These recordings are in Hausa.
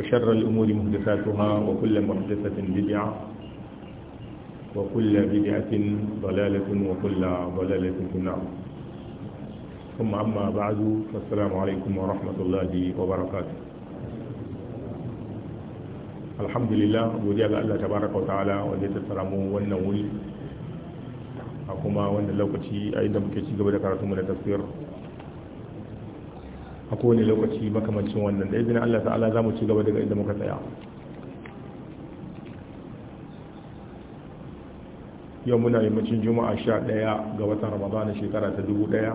وشر الأمور محدثاتها وكل محدثة بدعة وكل بدعة ضلالة وكل ضلالة في النار ثم أما بعد فالسلام عليكم ورحمة الله وبركاته الحمد لله بودي الله تبارك وتعالى وليت السلام والنول أقوما وأنا لو كتي أيضا كتي قبل كارتم من التفكير a kowane lokaci makamancin wannan da izinin Allah ta'ala za mu ci gaba daga inda muka tsaya yau muna yammacin juma'a sha ɗaya ga watan ramadana shekara ta dubu ɗaya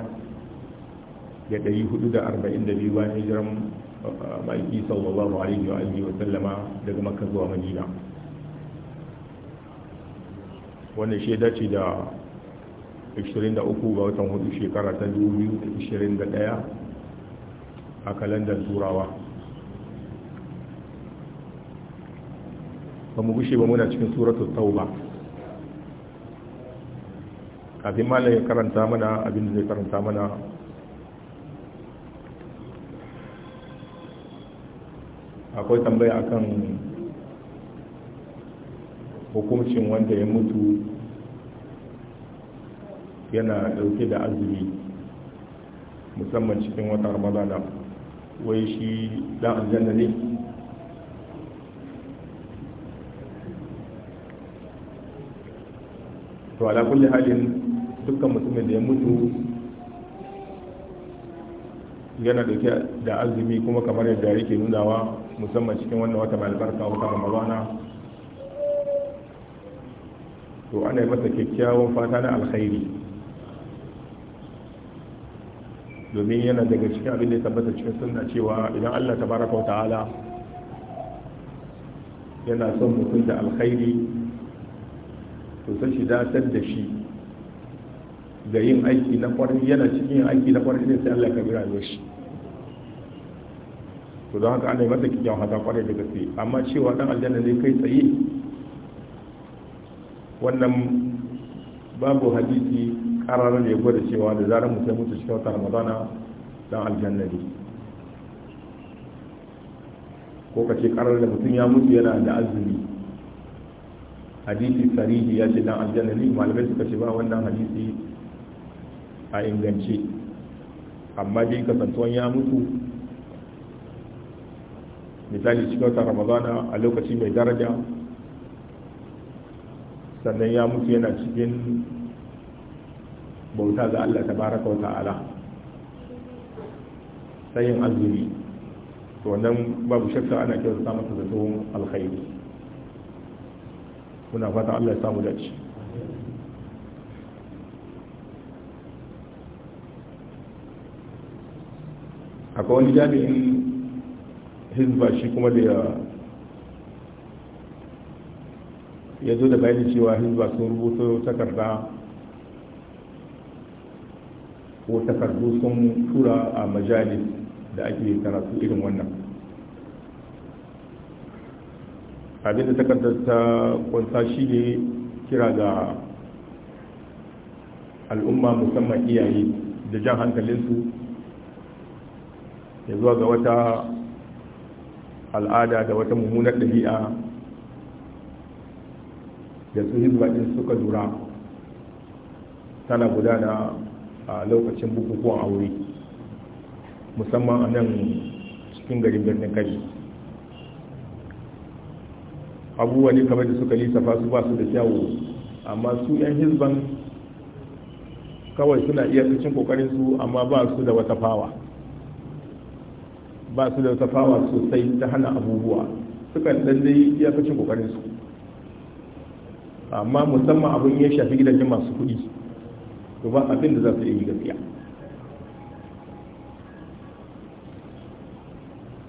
da ɗari hudu da arba'in da biyu bayan hijiran uh, ma'aiki sallallahu alaihi wa alihi wa sallama daga makka zuwa madina wannan shaida ce da 23 ga watan hudu shekara ta 2021 a kalandar turawa ba mu gushe ba muna cikin suratul tauba kafin malam ya karanta mana abin da zai karanta mana akwai tambaya akan hukuncin wanda ya mutu yana dauke da azumi musamman cikin wata ramadana wai shi dan aljanna ne to ala kulli halin dukkan mutumin da ya mutu yana dauke da azumi kuma kamar yadda yake nunawa musamman cikin wannan wata mai albarka wata ramadana to ana yi masa kyakkyawan fata na alkhairi domin yana daga cikin abin da ya tabbata cikin sunna cewa idan Allah tabaraka ta'ala yana son mutum da alkhairi to sai shi datar da shi ga yin aiki na kwarai yana cikin yin aiki na kwarai ne sai Allah ka bi rayuwar shi to don haka ana yi masa kyakkyawan hata kwarai da gaske amma cewa dan aljanna ne kai tsaye wannan babu hadisi ƙararar da ya gwada cewa da zarar mutum ya mutu cikin wata ramadana dan aljannadi ko ka ce ƙarar da mutum ya mutu yana da azumi hadisi sarihi ya ce dan aljannadi malamai suka ce ba wannan hadisi a inganci. amma dai kasantuwan ya mutu misali cikin wata ramadana a lokaci mai daraja sannan ya mutu yana cikin bauta ga Allah tabaraka wa ta'ala sayin azumi to wannan babu shakka ana kyautata masa zato alkhairi muna fata Allah ya samu dace akwai wani jami'in hizba shi kuma da ya zo da bayani cewa hizba sun rubuta takarda ko takardu sun tura a majalis da ake karatu irin wannan abinda takardar ta kwanta shi ne kira ga al'umma musamman iyaye da jan hankalinsu ya zuwa ga wata al'ada da wata mummunar ɗabi'a da su hizbaɗin suka lura tana gudana a lokacin bukukuwan aure musamman a nan cikin garin birnin kaji abubuwa ne kamar da suka lissafa su ba su da kyawu amma su 'yan hizban kawai suna iya cikin kokarin su amma ba su da wata fawa ba su da wata fawa sosai ta hana abubuwa sukan lallai iya cikin kokarin su amma musamman abin ya shafi gidajen masu kuɗi to ba abin da za su yi gaskiya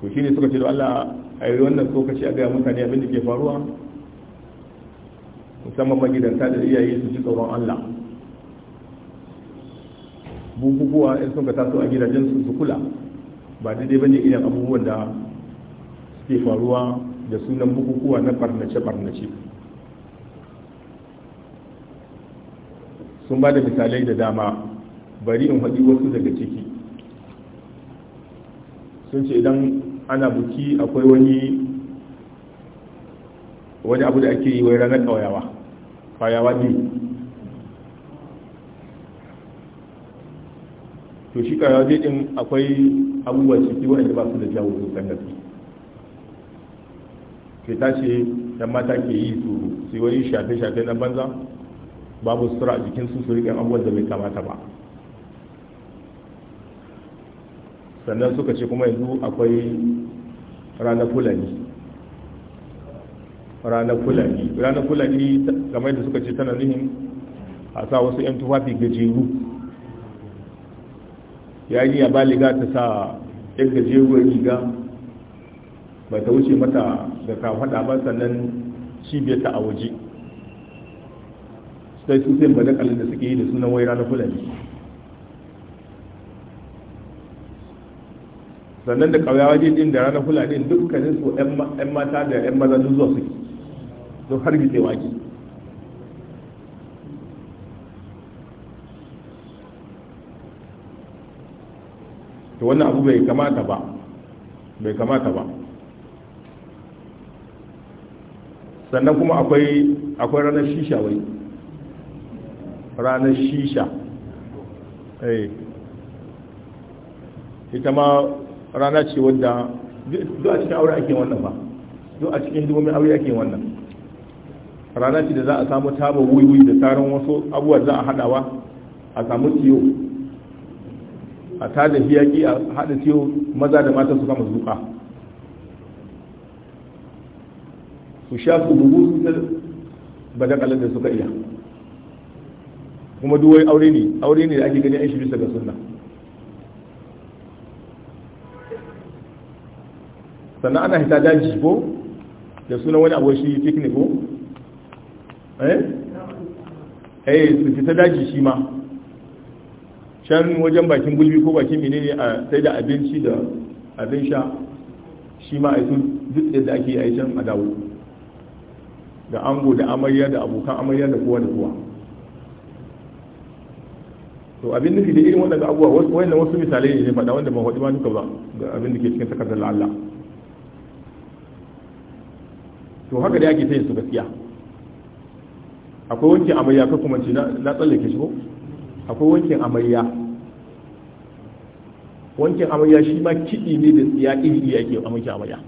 to shi ne suka ce da Allah a yi wannan tsokaci a gaya mutane abin da ke faruwa musamman magidanta da iyaye su ji tsoron Allah bukukuwa in sun ka taso a gidajen su kula ba daidai bane irin abubuwan da suke faruwa da sunan bukukuwa na barnace-barnace sun ba da misalai da dama bari in haɗi wasu daga ciki sun ce idan ana buki akwai wani wani abu da ake yi wai ranar ƙauyawa ƙauyawa ne to shi ƙauyawa zai ɗin akwai abubuwan ciki waɗanda ba su da jawo sosan gaske ke tashi ɗan mata ke yi su sai wani shafe-shafe na banza babu sutura a jikin su riƙe abubuwan da bai kamata ba sannan suka ce kuma yanzu akwai ranar fulani ranar fulani ranar fulani kamar da suka ce tana nuhin a sa wasu 'yan tufafi gajeru ya yi ya baliga ta sa 'yan gajeruwar riga ba ta wuce mata da kafaɗa ba sannan cibiyarta a waje sai su sai bada badakalin da suke yi da sunan waira na fulani sannan da ƙauyawa waje din da ranar fulani dukkanin su 'yan mata da 'yan maza duk zuwa suke don har gitse waje to wannan abu bai kamata ba bai kamata ba sannan kuma akwai akwai ranar shisha wai ranar shisha eh. ita ma rana ce wadda duk a cikin aure ake wannan ba duk a cikin hidimomin aure ake wannan rana ce da za a samu taba wuiwui da taron wasu abubuwa za a hadawa a samu tiyo a tada hiyaki a hada tiyo maza da mata su kama zuka su sha su bugu su badakalar da suka iya kuma duwai aure ne aure ne da ake gani an shi bisa ga sunna sannan ana hita daji ko da sunan wani abu shi picnic ko eh eh su fita daji shi ma can wajen bakin gulbi ko bakin menene a sai da abinci da abin sha shi ma a yi duk yadda ake yi a yi can a dawo da ango da amarya da abokan amarya da kowa da kowa to abin nufi da irin waɗanda abubuwa wayannan wasu misalai ne faɗa wanda ban faɗi ma duka ba ga abin da ke cikin takardar Allah to haka da ake sayin su gaskiya akwai wankin amarya ko kuma ce na tsallake shi ko akwai wankin amarya wankin amarya shi ma kiɗi ne da tsiya iri ake wankin amarya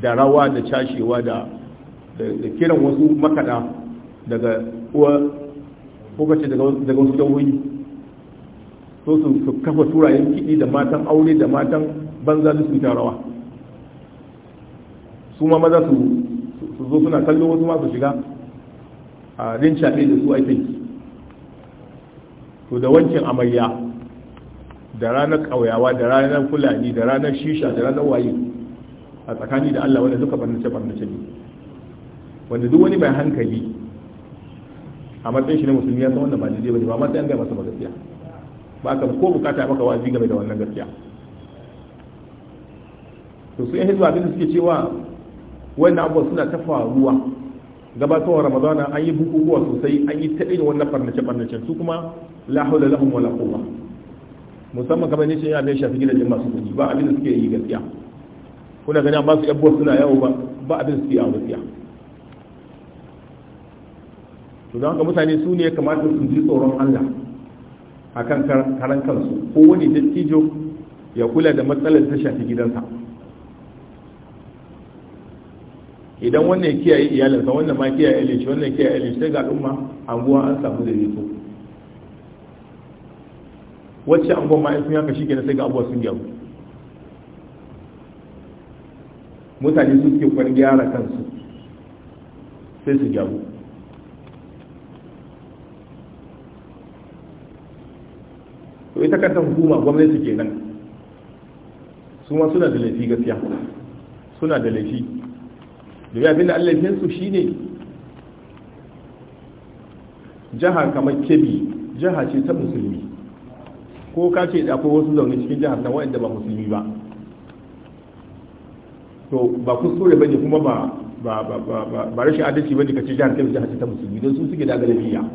da rawa da cashewa da kiran wasu makaɗa daga uwar. ko ce daga wasu jawoyi so su kafa turayen kiɗi da matan aure da matan banza su tarawa su ma maza su zo suna kallo wasu masu shiga a rin shafe da su aikin to da wankin amarya da ranar ƙauyawa da ranar fulani da ranar shisha da ranar waye a tsakani da allah wanda duka barnace barnace ne wanda duk wani mai hankali a matsayin shi na musulmi ya san wannan ba daidai bane ba an ga masa ba gaskiya ba ka ko bukata maka wajibi game da wannan gaskiya to su yan hizba abin da suke cewa wannan abubuwa suna ta faruwa gabatowa ramadana an yi bukukuwa sosai an yi ta irin wannan farnace farnace su kuma la haula lahum wala quwwa musamman kamar ne shi ya bai shafi gidajen masu kuɗi ba abin da suke yi gaskiya kuna gani an ba su yabuwa suna yawo ba ba abin da suke yawo gaskiya to don haka mutane su ne kamata su ji tsoron Allah akan karan kansu ko wani dattijo ya kula da matsalar ta shafi gidansa idan wannan ya kiyaye iyalinsa wannan ma kiyaye iyalinsa wannan ya kiyaye iyalinsa sai ga al'umma anguwa an samu da rito wacce anguwa ma sun yanka shi kenan sai ga abuwa sun gyaru mutane su suke kwan gyara kansu sai su gyaru to ita kanta hukuma gwamnati kenan su ma suna da laifi gaskiya suna da laifi domin abin da allafin su shine jaha kamar kebi jaha ce ta musulmi ko ka ce da akwai wasu zaune cikin jihar nan waɗanda ba musulmi ba to ba kuskure bane kuma ba ba ba ba ba rashin adalci ka ce jihar kebi jihar ce ta musulmi don su suke da galabiya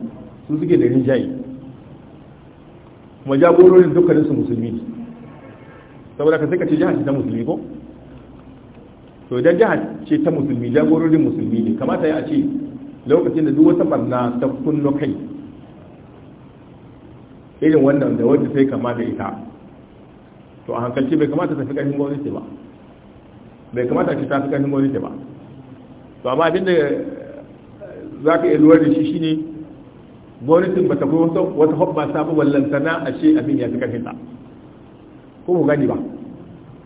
su suke da rinjaye kuma jagororin dukkanin su musulmi saboda ka sai ka ce jihar ta musulmi ko to idan jihar ce ta musulmi jagororin musulmi ne kamata ya ce lokacin da duk wata barna ta kunno kai irin wannan da wanda sai kama da ita to a hankalci bai kamata ta fi ƙarfin gwamnati ba bai kamata ce ta fi ƙarfin gwamnati ba to amma abinda za ka iya lura da shi shine gwamnatin ba ta kuma wata hoɓɓa samu wallantana a ce abin ya fi karfin ta ko mu gani ba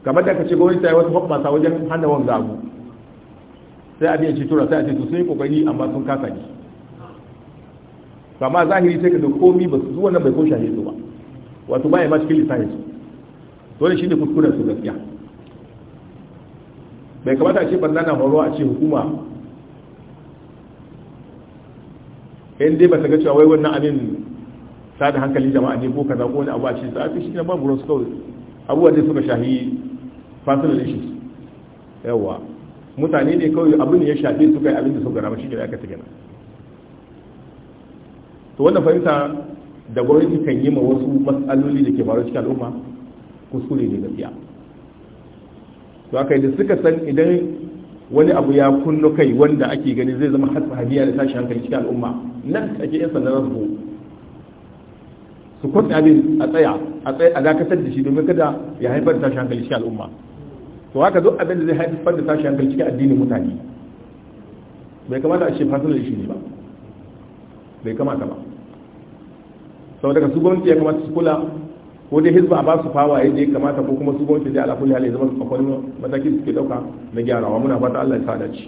kamar da ka ce gwamnati ta yi wata ta wajen hana wanga abu sai abin ya ce tura sai a ce sun yi kokari amma sun kasa ne Kamar zahiri sai ka ga komi ba su wannan bai ko su ba wato ya ma cikin lissafi su dole shi ne kuskuren su gaskiya bai kamata a ce banna na horo a ce hukuma in dai ba ta ga cewa wai wannan abin sada hankali jama'a ne ko kaza ko wani abu a cikin sa'a shi ne babu ruwan su kawai abubuwa dai suka shahi personal issues yawa mutane ne kawai abin ya shafi suka yi abin da suka rama shi ne aka tigana to wannan fahimta da gwamnati kan yi ma wasu matsaloli da ke faru cikin al'umma kuskure ne gaskiya to yi da suka san idan wani abu ya kunno kai wanda ake gani zai zama hadiya da tashi hankali cikin al'umma nan ake yin sanda za su su kwatsa abin a tsaya a tsaya a dakatar da shi domin kada ya haifar da tashin hankali cikin al'umma to haka duk abin da zai haifar da tashin hankali cikin addinin mutane bai kamata a ce fasalar shi ne ba bai kamata ba sau daga su gwamnati ya kamata su kula ko dai hizba a ba su fawa yadda ya kamata ko kuma su gwamnati dai ala kulli hali ya zama akwai mataki da suke dauka na gyarawa muna fata Allah ya sa dace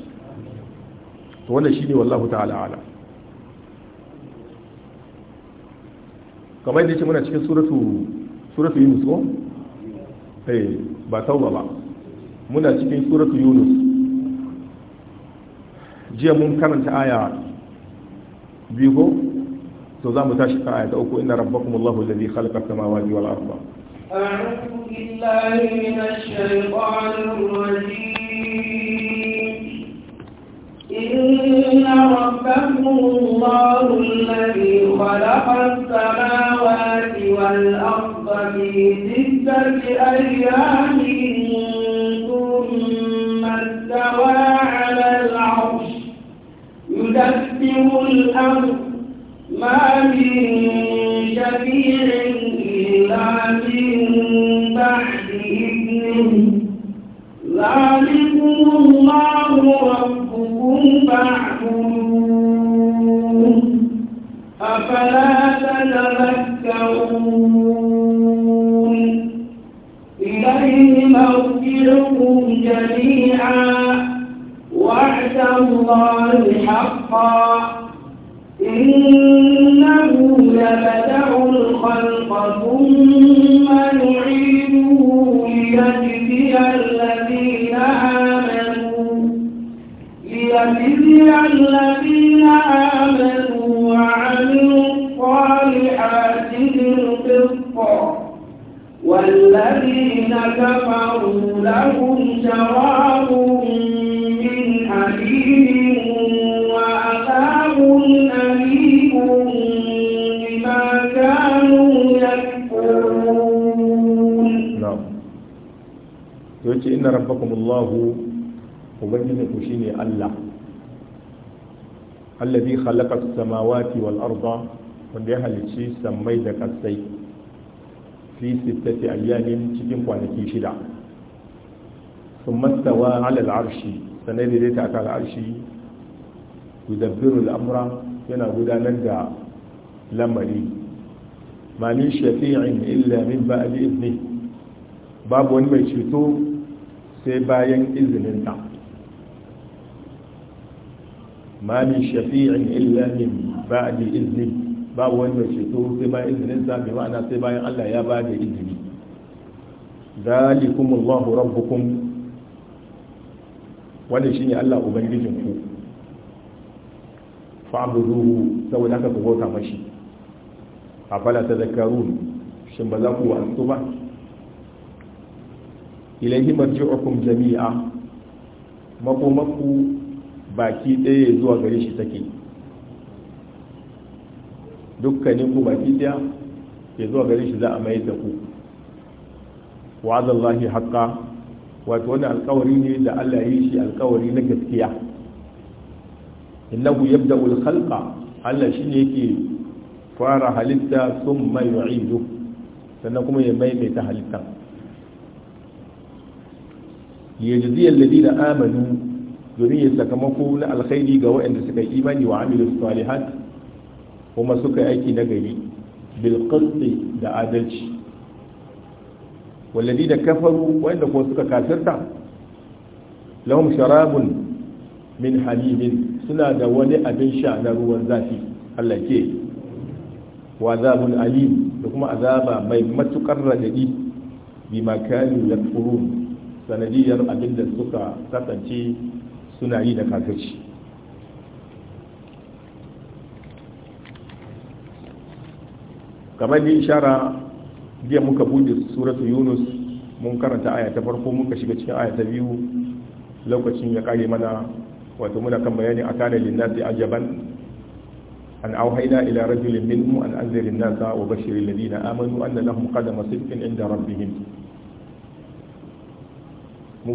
to wannan ne wallahu ta'ala alam kamar yadda ce muna cikin suratu suratu yunus ko eh ba tauba ba muna cikin suratu yunus jiya mun karanta aya biyu ko to za mu tashi aya ta uku inna rabbakum allahu alladhi khalaqa as-samawati wal arda أعوذ بالله من الشيطان الرجيم إن ربكم الله الذي خلق السماوات والأرض في ستة أيام ثم استوى على العرش يدبر الأمر ما من شفيع إلا من بعد إذنه ذلكم الله ربكم فاعبدون أفلا تتذكرون allazi khalaqa as-samawati wal arda wanda ya halicci sammai da kasai fi sittati ayyamin cikin kwanaki shida thumma istawa 'ala al-'arshi sanai da ta aka al-arshi yudabbiru al-amra yana gudanar da lamari ma min shafi'in illa min ba'di idni babu wani mai ceto sai bayan ta. ma min shafi'in illa min ba'di izni mai wanda ceto sai bayan izinin sa bi ma'ana sai bayan Allah ya ba da izini zalikumullahu rabbukum wannan shine Allah ubangijin ku fa'buduhu saboda haka ku bauta mashi afala tadhakkarun shin ba za ku wa'azu ba ilaihi marji'ukum jami'a makomaku baki ɗaya zuwa gare shi take dukkanin ku baki ɗaya ya zuwa gare shi za a mayar da ku wa'adallahi haqqa wato wani alkawari ne da Allah ya yi shi alkawari na gaskiya innahu yabda'u al-khalqa Allah ne yake fara halitta thumma yu'idu sannan kuma ya maimaita halitta yajzi alladhina amanu zuriyar sakamako na alkhairi ga waɗanda suka yi imani wa amilu salihat kuma suka yi aiki na gari bil da adalci wallazi da kafaru waɗanda kuma suka kafirta lahum sharabun min halimin suna da wani abin sha na ruwan zafi Allah ke wa azabun alim da kuma azaba mai matukar radadi bima ya yakfurun sanadiyar abinda suka kasance suna yi da kafirci kamar da ishara jiya muka buɗe suratun yunus mun karanta ayata farko muka shiga cikin ayata biyu lokacin ya kare mana wato muna kan bayani a kanin linnasi ajaban أن أوحينا إلى رجل منهم أن أنذر الناس وبشر الذين آمنوا أن kada قدم inda عند ربهم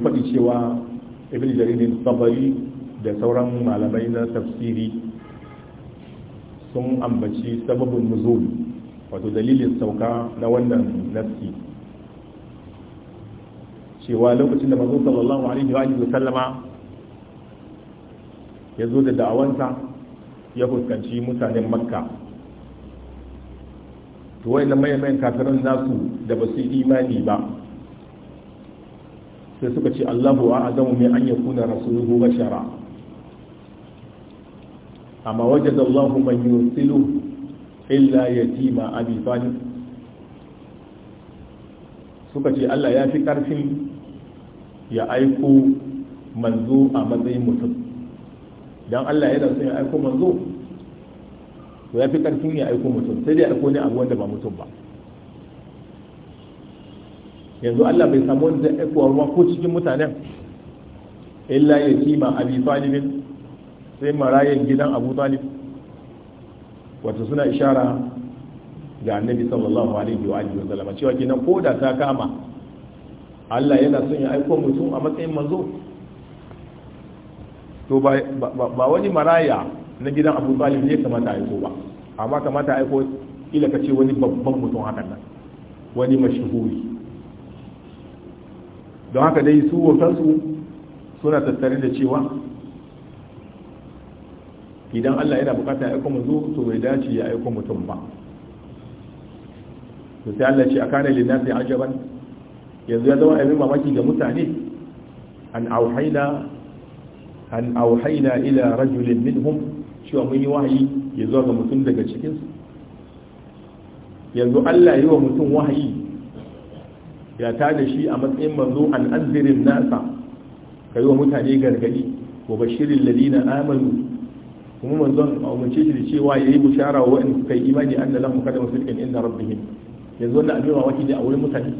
faɗi cewa. ibn jaririn tabari da sauran malamai na tafsiri sun ambaci sababin nuzul wato dalilin sauka na wannan nafsi. cewa lokacin da manzo sallallahu alaihi wa sallama ya zo da da'awanta ya fuskanci mutanen makka to wayannan mayan kafirin nasu da basu yi imani ba sai suka ce Allahu a'lamu min an yakuna rasuluhu bashara amma wajen da Allahu man yusilu illa yatima abi talib suka ce Allah ya fi ƙarfin ya aiko manzo a matsayin mutum don Allah yana son ya aiko manzo to ya fi ƙarfin ya aiko mutum sai dai aiko ne abu wanda ba mutum ba yanzu Allah bai samu wanda zai kuwa ruwa ko cikin mutanen illa ya kima abi talibin sai marayan gidan abu talib wato suna ishara ga annabi sallallahu alaihi wa alihi wasallam cewa kenan ko da ta kama Allah yana son ya aiko mutum a matsayin manzo to ba wani maraya na gidan abu talib ne kamata aiko ba amma kamata aiko ila ka ce wani babban mutum hakan nan wani mashhuri don haka dai su wautansu suna tattare da cewa idan Allah yana bukata ya aiko zo to bai dace ya aiko mutum ba to sai Allah ce akana lin nasi ajaban yanzu ya zama abin mamaki ga mutane an auhaina an auhaina ila rajulin minhum cewa mun yi wahayi ya zo ga mutum daga cikin yanzu Allah yi wa mutum wahayi ya ta da shi a matsayin manzo an anzirin nasa ka yi wa mutane gargadi ko bashirin ladina amanu kuma manzon a umarce shi da cewa ya yi bushara wa waɗanda kai imani an da lamu kada musulkin inda rabbihim yanzu wannan abin mamaki ne a wurin mutane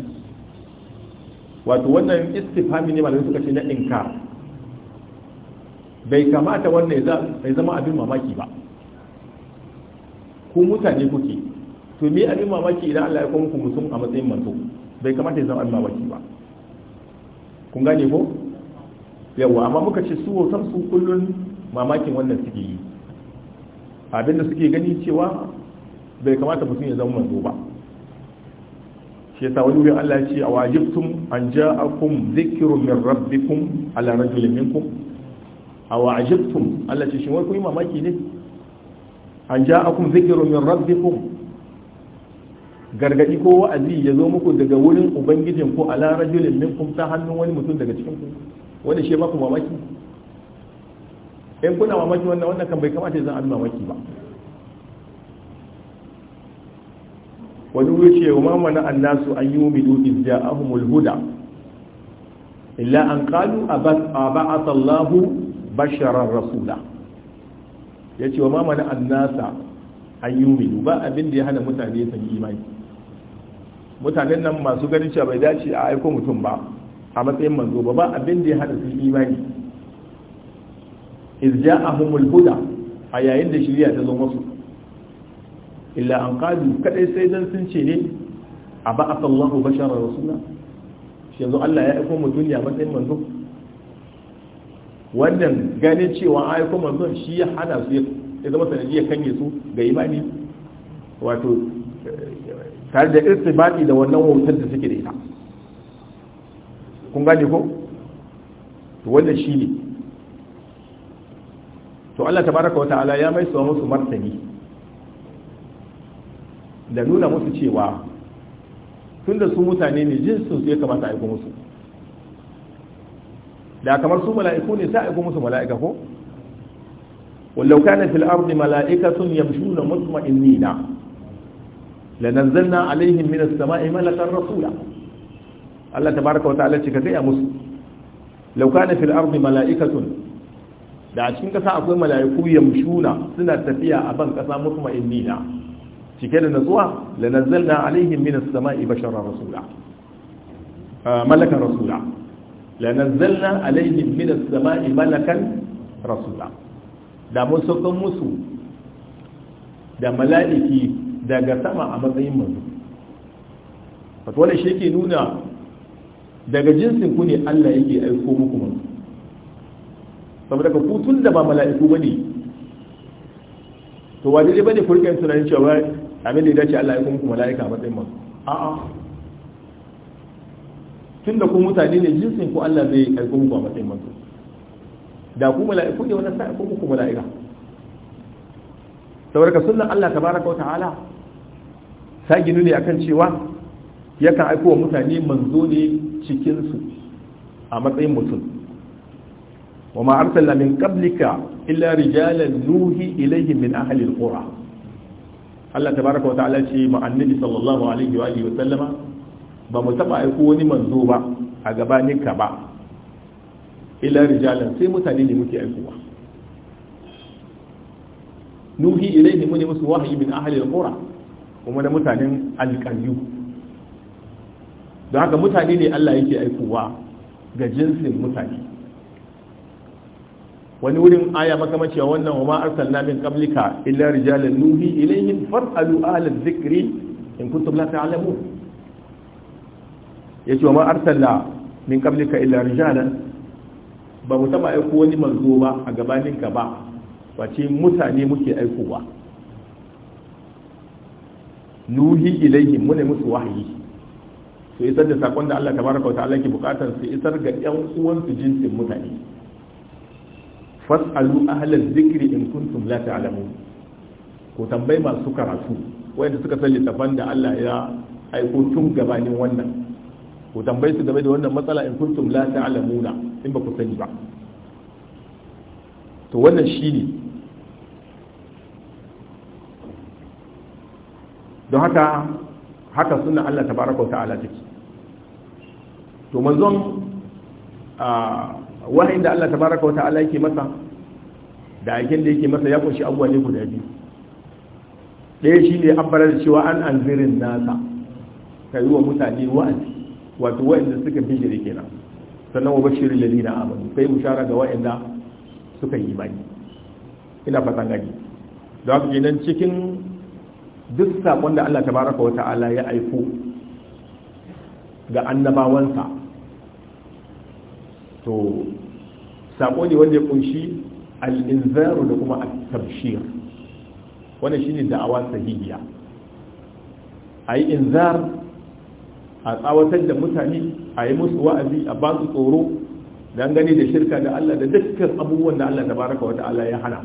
wato wannan istifami ne malamai suka ce na inkar bai kamata wannan ya zama abin mamaki ba ku mutane kuke to me abin mamaki idan Allah ya kuma ku mutum a matsayin manzo bai kamata ya zama almawaki ba kun gane ko yawa amma muka ce su wautar su kullun mamakin wannan suke yi abinda suke gani cewa bai kamata mutum ya zama manzo ba shi yasa wani wurin Allah ya ce a wajibtum an ja'akum dhikrun min rabbikum ala rajulin minkum a wajibtum Allah ce shi wai kun yi mamaki ne an ja'akum dhikrun min rabbikum gargadi ko wa'azi ya zo muku daga wurin ubangijin ko ala rajulin kum ta hannun wani mutum daga cikin ku wanda shi ba ku mamaki in kuna mamaki wannan wannan kan bai kamata ya zan abin mamaki ba wani wuri ce wa mamana annasu an yi umidu iz ja'ahumul huda illa an qalu aba'atha Allahu basharar rasula yace wa mamana annasa an yi umidu ba abin da ya hana mutane san imani mutanen nan masu ganin cewa bai dace a aiko mutum ba a matsayin manzo ba ba abin da ya hada su imani iz ja'ahumul huda a yayin da shirya ta zo musu illa an qadi kadai sai dan sun ce ne a ba'atha Allahu bashara rasula shi yanzu Allah ya aiko mu duniya matsayin manzo wannan ganin cewa aiko manzo shi ya hada su ya zama sanadiyar kange su ga imani wato tare da irtibati da wannan wautar da suke da ita kun gane ko to wannan shine to Allah tabaraka wata'ala ya mai suwa musu martani da nuna musu cewa tunda su mutane ne jinsin su ya kamata a aiko musu da kamar su mala'iku ne sai aiko musu mala'ika ko wallau kana fil ardi mala'ikatun yamshuna mutma'innina lananzalna alaihim minas sama'i malakan rasula Allah tabaraka wa ta'ala ce ka gaya musu law kana fil ardi mala'ikatun da a cikin kasa akwai mala'iku yamshuna suna tafiya a ban kasa mutma'innina cike da natsuwa la nazzalna alaihim minas sama'i basharan rasula malakan rasula la nazzalna alaihim minas sama'i malakan rasula da mun saukan musu da mala'iki daga sama a matsayin manzo wato wani shi ke nuna daga jinsin ku ne Allah yake aiko muku manzo saboda ka kutun da ba mala'iku ne, to wajen ba ne rika tunanin cewa abin da ya dace Allah aiko muku mala'ika a matsayin manzo a'a tun da ku mutane ne jinsin ku Allah zai aiko muku a matsayin manzo da ku mala'iku ne wannan sa'a aiko muku mala'ika saboda ka sunnan Allah tabaraka wa ta'ala ta ginu ne akan cewa yakan aiko wa mutane manzo ne cikinsu a matsayin mutum wa ma arsalna min qablika illa rijalan nuhi ilayhi min ahli alqura Allah tabaraka wa ta'ala ce ma annabi sallallahu alaihi wa alihi wa sallama ba mu taba aiko wani manzo ba a ka ba illa rijalan sai mutane ne muke aikowa nuhi ilayhi mun musu wahayi min ahli alqura kuma da mutanen alƙaryu don haka mutane ne Allah yake aikowa ga jinsin mutane wani wurin aya makamaciya wannan wa ma namin min illa rijalin nuhi ilayhin far'alu ahla zikri in kuntum la ya yace wa ma arsalna min qablika illa rijalan ba mu taba aiko wani manzo ba a gabaninka ba wace mutane muke aikowa nuhi ilaihim mune musu wahayi su isar da sakon da Allah tabaraka wa ta'ala ke bukatar su isar ga ƴan uwansu jinsin mutane fas'alu ahlal zikri in kuntum la ta'lamun ko tambayi masu karatu wanda suka san littafan da Allah ya aiko tun gabanin wannan ku tambayi su game da wannan matsala in kuntum la ta'lamuna in ba ku sani ba to wannan shine don haka haka suna Allah ta tabaraka wa ta'ala take to manzon wahayin da Allah ta baraka wa ta'ala yake masa da aikin da yake masa ya kunshi abuwa ne guda biyu ɗaya shi ne an da cewa an anzirin nasa ka yi wa mutane wa'azi wato wa'anda suka bijire kenan sannan wa bashirin lalina amanu kai bushara ga wa'anda suka yi imani ina fatan gani da haka kenan cikin duk saƙon da Allah tabaraka wa ta'ala ya aiko ga annabawansa to saƙo ne wanda ya kunshi al'inzaru da kuma al-tabshir wannan shine da'awa sahihiya a yi inzar a tsawatar da mutane a yi musu wa'azi a ba su tsoro don gani da shirka da Allah da dukkan abubuwan da Allah tabaraka wa ta'ala ya hana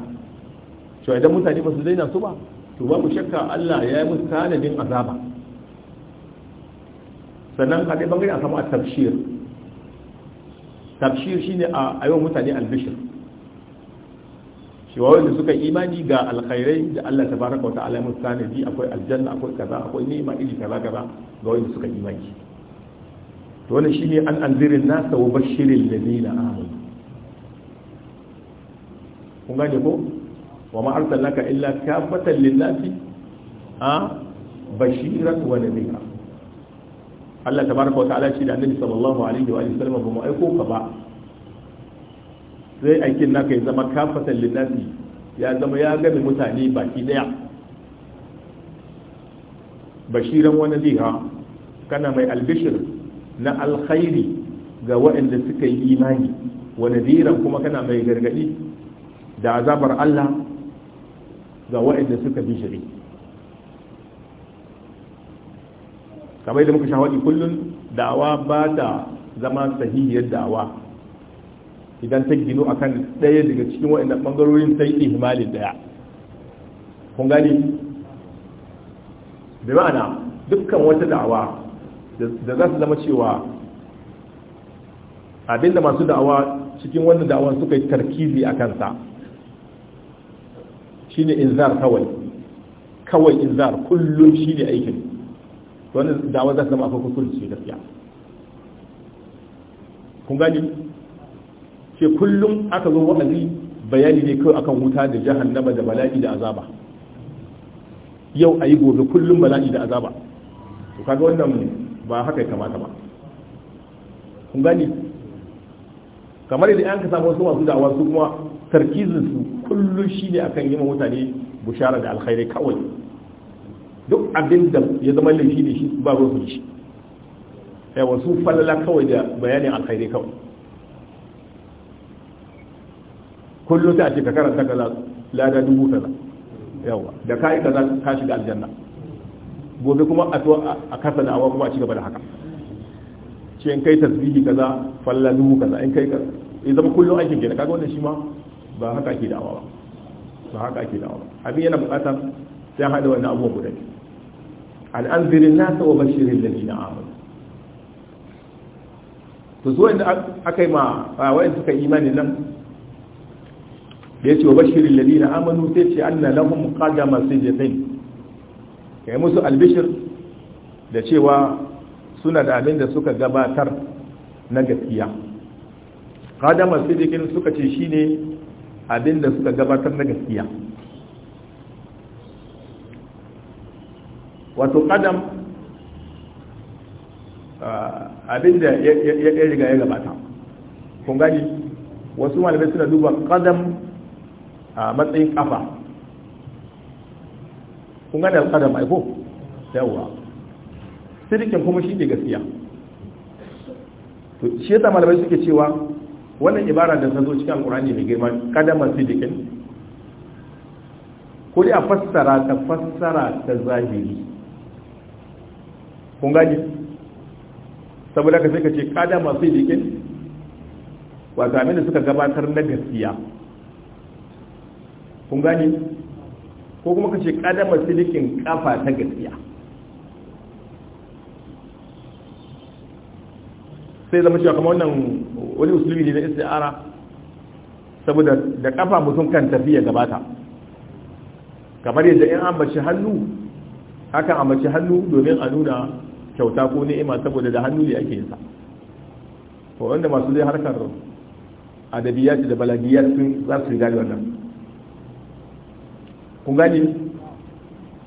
to idan mutane ba su daina su ba to babu shakka Allah ya yi musu tanadin azaba sannan a ɗaya bangare a samu a tafshir tafshir ne a yawan mutane albishir cewa wanda suka imani ga alkhairai da Allah ta baraka wata ala tanadi akwai aljanna akwai kaza akwai nema iri kaza kaza ga wanda suka imani to wannan shine an anzirin nasa wa bashirin ladina amanu kun gane ko wa ma arsalnaka illa kafatan lin-nasi a bashiran wa nadhira Allah tabaraka wa ta'ala shi da Annabi sallallahu alaihi wa sallam ba mu aiko ka ba sai aikin naka ya zama kafatan lin-nasi ya zama ya gani mutane baki daya bashiran wa nadhira kana mai albishir na alkhairi ga waɗanda suka yi imani wa nadiran kuma kana mai gargadi da azabar Allah ga waɗanda suka bi shari kamar yadda muka shawadi kullum da'awa ba ta zama sahihiyar da'awa idan ta gino akan ɗaya daga cikin waɗanda ɓangarorin ta yi ɗaya kun gani bi ma'ana dukkan wata da'awa da za su zama cewa abinda masu da'awa cikin wannan da'awa suka yi tarkizi a kansa shine inzar kawai kawai inzar kullum shine aikin wannan dawa za ta zama akwai kusurci gaskiya kun gani ce kullum aka zo wa'azi bayani ne kawai akan wuta da jahannama da bala'i da azaba yau a yi gobe kullum bala'i da azaba to kaga wannan ba haka ya kamata ba kun gani kamar yadda an ka samu wasu masu da'awa su kuma tarkizinsu kullum shi ne akan yi mutane bushara da alkhairai kawai duk abin da ya zama laifi ne shi ba ruwan shi yawon su falala kawai da bayanin alkhairai kawai kullum ta ce ka karanta ka lada dubu kaza yawa da ka yi kaza ka shiga aljanna gobe kuma a tuwa a kasa da awa kuma a ci gaba da haka ce in kai tasbihi kaza falla dubu kaza in kai kaza ya zama kullum aikin kenan kaga wannan shi ma ba haka ake da'awa ba ba haka ake da'awa ba abin yana bukatar sai haɗa wannan abubuwan guda ne al'anzirin nasa wa bashirin lalina amur to su wanda aka yi ma wa'in suka imani nan da ya ce wa bashirin lalina amanu sai ce an na lahun kada masu jefin ka yi musu albishir da cewa suna da abin da suka gabatar na gaskiya kada masu jefin suka ce shi ne abinda suka gabatar na gaskiya wato kadam abinda ya riga ya gabata kun gani wasu malamai suna duba kadam a matsayin kafa kun gani alkadam aiko yawwa sirikin kuma shi ne gaskiya to shi yasa malamai suke cewa wannan ibara da ta zo cikin alkurani mai girma masu jikin ko dai a fassara ta fassara ta zahiri kun gaji saboda ka sai ka ce kadama sidikin wato abin da suka gabatar na gaskiya kun gani ko kuma ka ce masu jikin kafa ta gaskiya sai zama cewa kamar wannan wani usulubi ne na isti'ara saboda da kafa mutum kan tafiya gabata kamar yadda in an bace hannu hakan a mace hannu domin a nuna kyauta ko ni'ima saboda da hannu ne ake yinsa to wanda masu zai harkar adabiyat da balagiyat sun za su gani wannan kun gani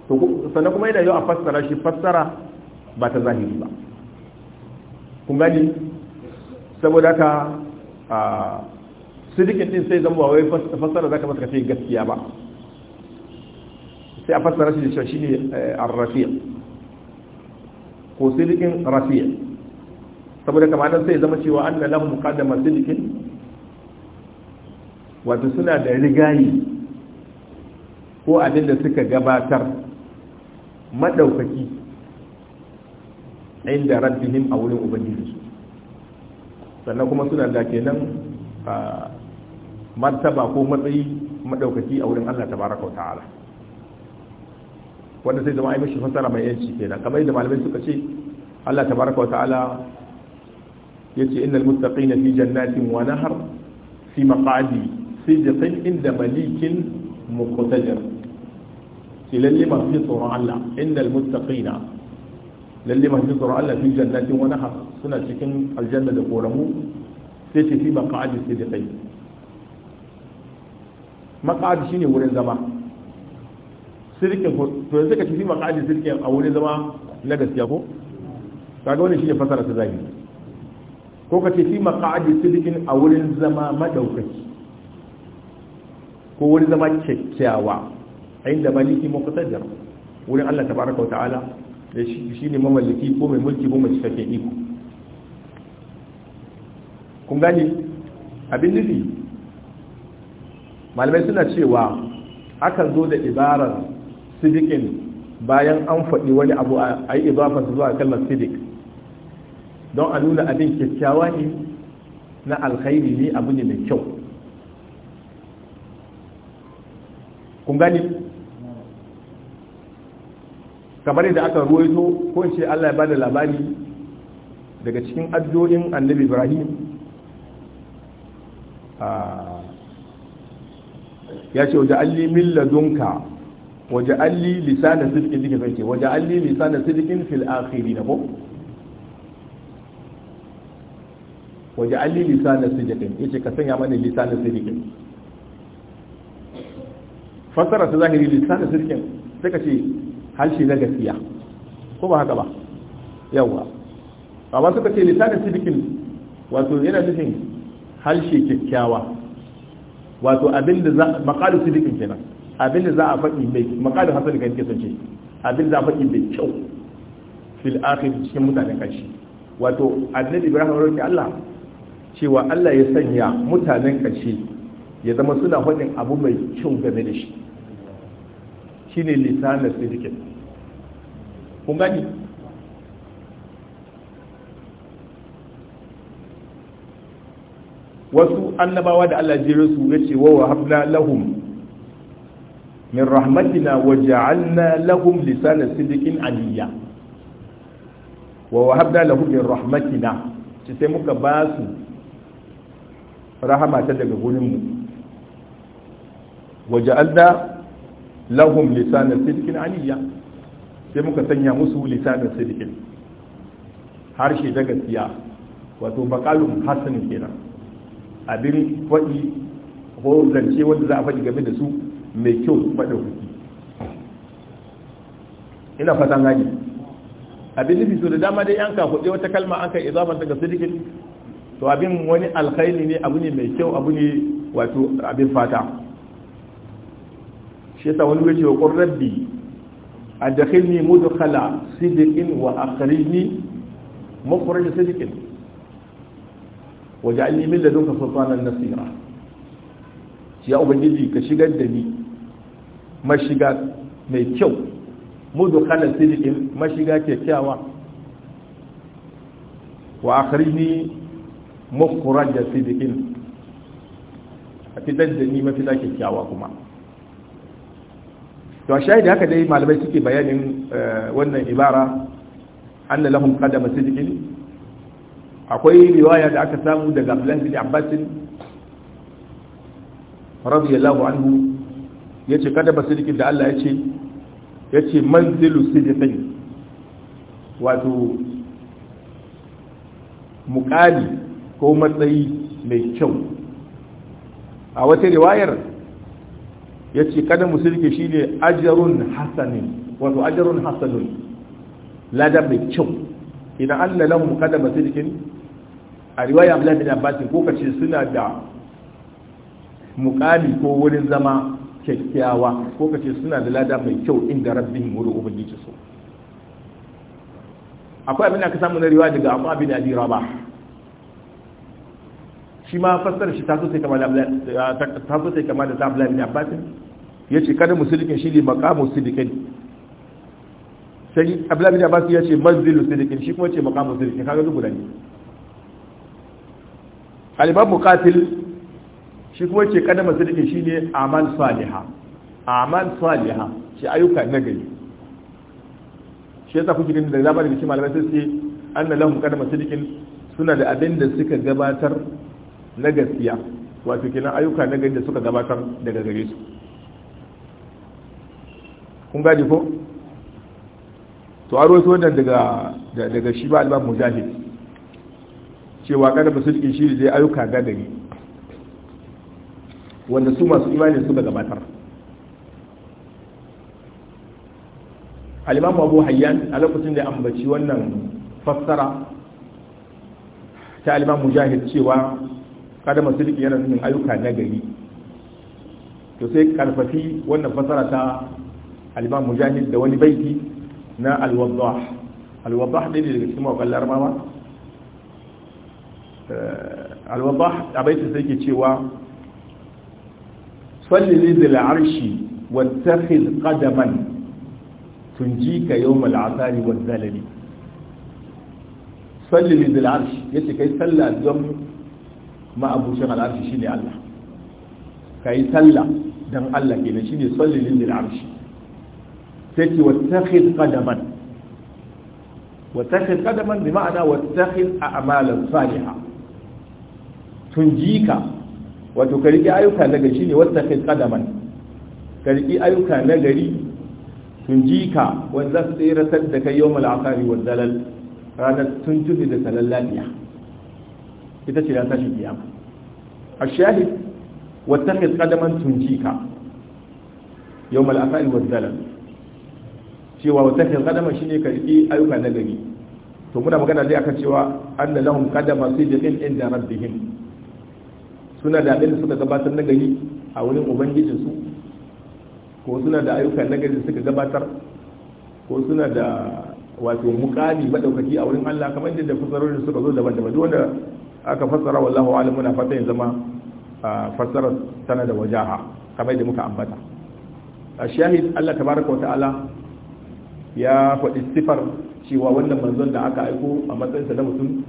to sannan kuma yana yau a fassara shi fassara ba ta zahiri ba kun gani saboda ka a sidikin din sai zama wai fassara zaka masa kace gaskiya ba sai a fassara shi da shi ne eh, ar-rafi' ko sidikin rafi' saboda kamanan sai zama cewa an da lahum muqaddama sidikin wato suna da rigayi ko abin da suka gabatar madaukaki inda rabbihim a wurin ubangiji sannan kuma suna da kenan martaba ko matsayi madaukaki a wurin Allah tabaraka wa ta'ala wanda sai zama ai fasara mai yanci kenan kamar yadda malamai suka ce Allah tabaraka wa ta'ala yace innal muttaqina fi jannatin wa nahar fi maq'adi sidqin inda malikin muqtadir sai lalle masu tsoron Allah innal muttaqina lalle masu tsoron Allah fi jannatin wani nahar suna cikin aljanna da koramu sai ce fi maqadi sidiqai maqadi shine wurin zama sirkin to yanzu ka ci fi maqadi sirkin a wurin zama na gaskiya ko kaga wannan shine fasara ta zahiri ko ka ce fi maqadi sidiqin a wurin zama madaukaki ko wurin zama kyakkyawa inda maliki muqtadir wurin Allah tabaraka wa ta'ala shi ne mamallaki ko mai mulki ko mai cikakken iko kun gani abin nufi malamai suna cewa akan zo da ibarar sidikin bayan an faɗi wani abu a yi ibafansa zuwa kalmar sidik don a nuna abin kyakkyawa ne na alkhairi ne abu ne mai kyau kun gani kamar yadda aka ruwaito ko in ce Allah ya bada labari daga cikin addu'o'in annabi Ibrahim ya ce waje alli min ladunka waje alli lisanin sidikin dike zai ce waje alli lisanin sidikin fil akhiri na ko waje alli lisanin sidikin ya ce ka sanya mani lisanin sidikin fassara ta zahiri lisanin sidikin sai ka ce harshe na gaskiya ko ba haka ba yawa amma suka ce lisanin sidikin wato yana nufin harshe kyakkyawa wato abinda za maqalu sidikin kenan da za a faɗi mai maqalu hasan da ke son ce abinda za a faɗi mai kyau fil akhir cikin mutanen kashi wato annabi ibrahim roki Allah cewa Allah ya sanya mutanen kashi ya zama suna faɗin abu mai kyau game da shi shine lisanin sirkin kun gani wasu annabawa da Allah jere su ya ce wa wahabna lahum min rahmatina wa ja'alna lahum lisana sidiqin aliyya wa wahabna lahum min rahmatina ce sai muka ba su rahama ta daga gurin mu wa ja'alna lahum lisanin sidikin aliyya sai muka sanya musu lisanin sidikin harshe da gaskiya wato bakalun hasanin kenan abin faɗi ko zance wanda za a faɗi game da su mai kyau faɗin kuki? ina fatan gani abin nufi so da dama dai yanka kafuɗe wata kalma an kai izafanta ga sidikin to abin wani alkhairi ne abu ne mai kyau abu ne wato abin fata shi yasa wani yace wa a rabbi adkhilni mudkhala sidqin wa akhrijni mukhraj sidqin waj'alni min ladunka sultanan nasira ya ubangiji ka shigar da ni mashiga mai kyau mudkhala sidikin mashiga kyakkyawa wa akhrijni da sidikin a fitar da ni mafita kyakkyawa kuma to a shahidi haka dai malamai suke bayanin eh, wannan ibara anna lahum qadama sidqin akwai riwaya da aka samu daga Abdullah bin Abbas radiyallahu anhu yace qadama sidqin da Allah yace yace manzilu sidqin wato muƙali ko matsayi mai kyau a wata riwayar yace kada mu shirke shine ajrun hasanin wato ajrun hasanun lada mai kyau idan Allah lahum kada mu shirkin a riwaya Abdullah bin Abbas ko kace suna da muqami ko wurin zama kyakkyawa ko kace suna da lada mai kyau inda rabbihim wurin ubangiji su akwai abin da aka samu na riwaya daga Abu Abi da Rabah shi ma fassara shi ta so sai kama da ta so sai kamar da ta bin Abbas ya ce kada musulikin shi ne makamu sidikin sai abu da basu ya ce mazilu sidikin shi kuma ce makamu sidikin kaga duk guda ne al-imam shi kuma ce kada musulikin shi ne Aman saliha Aman saliha shi ayyuka na gari shi sa kuke ganin da zaba da shi malamai sai an anna lahum kada musulikin suna da abin da suka gabatar na gaskiya wato kenan ayyuka na gari da suka gabatar daga gare su kun gane ko to a rawaito wannan daga daga shi ba al-imam mujahid cewa kada ba su dike shi ayuka ayyuka gagari wanda su masu imani suka gabatar al-imam abu hayyan a lokacin da ambaci wannan fassara ta al-imam mujahid cewa kada masu cikin yana nuna ayyuka nagari to sai karfafi wannan fassara ta al-imam mujahid da wani baiti na al-waddah ɗaya ne daga cikin mawakan larabawa eh, al-waddah a baitin sai ke cewa salli lidil arshi wattakhidh qadaman tunjika yawm al-asari wal-zalali salli la'arshi arshi yace kai sallah don ma'abucin al'arshi shi ne Allah ka yi sallah don Allah ke kenan shi ne sallilin lil la'arshi. sai ce wattakhid qadaman wattakhid qadaman bi ma'ana wattakhid a'malan salihah tunjika wato ka riƙi ayyuka na gari shine wattakhid qadaman ka riƙi ayyuka na gari tunjika wanda su tsiratar da kai yawmal asari wal zalal ranar tuntubi da salallatiya ita ce ta shi kiyama ashahid wattakhid qadaman tunjika yawmal asari wal zalal cewa wasakin kadama shine karfi ayyuka na gari to muna magana dai akan cewa kadama su yi sidqin inda rabbihim suna da abin da suka gabatar na gari a wurin ubangijinsu ko suna da ayyuka na gari suka gabatar ko suna da wato mukami madaukaki a wurin Allah kamar yadda fasarorin suka zo daban-daban wanda aka fassara wallahu alam muna fata ya zama fassara tana da wajaha kamar yadda muka ambata a shahid Allah tabaraka wa ta'ala ya faɗi sifar cewa wannan manzon da aka aiko a matsayinsa na mutum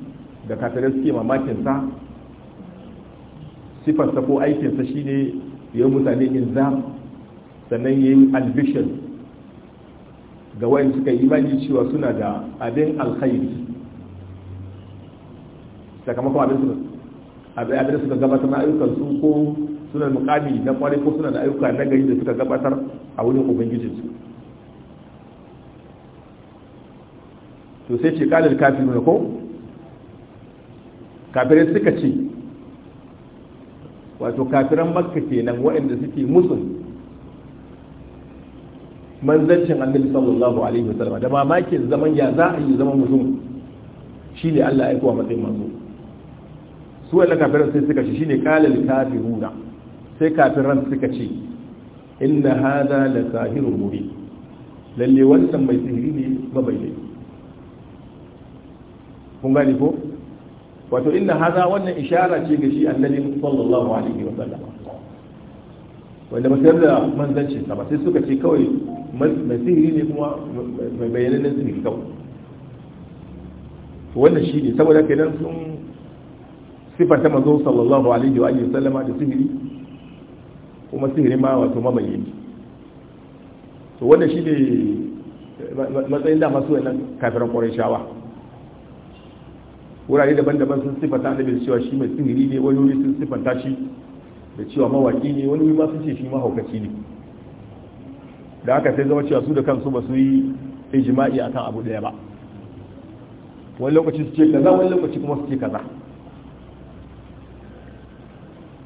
da kafirai suke mamakinsa sifarsa ko aikinsa shine ya yi mutane za sannan ya yi albishin ga wayan suka yi imani cewa suna da abin alkhairi sakamakon abin abin suka gabatar na ayyukan su ko suna mukami na kwarai ko suna da ayyuka na gari da suka gabatar a wurin ubangijinsu to sai ce kalil ne ko kafirai suka ce wato kafiran makka kenan waɗanda suke musul manzancin annabi sallallahu alaihi wasallam da mamakin zaman ya za a yi zaman mutum ne Allah ya aikowa matsayin manzo su wanda kafiran sai suka ce kalar kafi huna sai kafiran suka ce inna hada la sahirun mubin lalle wannan mai sihiri ne mabayyana kun gani ko wato inna haza wannan ishara ce ga shi annabi sallallahu alaihi wa sallam wanda ba da manzancin sa ba sai suka ce kawai sihiri ne kuma mai bayyanannen sihiri kawai to wannan shi ne saboda kenan sun ta mazo sallallahu alaihi wa sallama da sihiri kuma sihiri ma wato mabayyani to wannan shi ne matsayin da masu wannan kafiran ƙwarai shawa wurare daban-daban sun sifanta annabi da cewa shi mai sihiri ne wani wuri sun sifanta shi da cewa mawaki ne wani wuri ma sun ce shi mahaukaci ne da haka sai zama cewa su da kansu ba su yi ijma'i akan abu daya ba wani lokaci su ce kaza wani lokaci kuma su ce kaza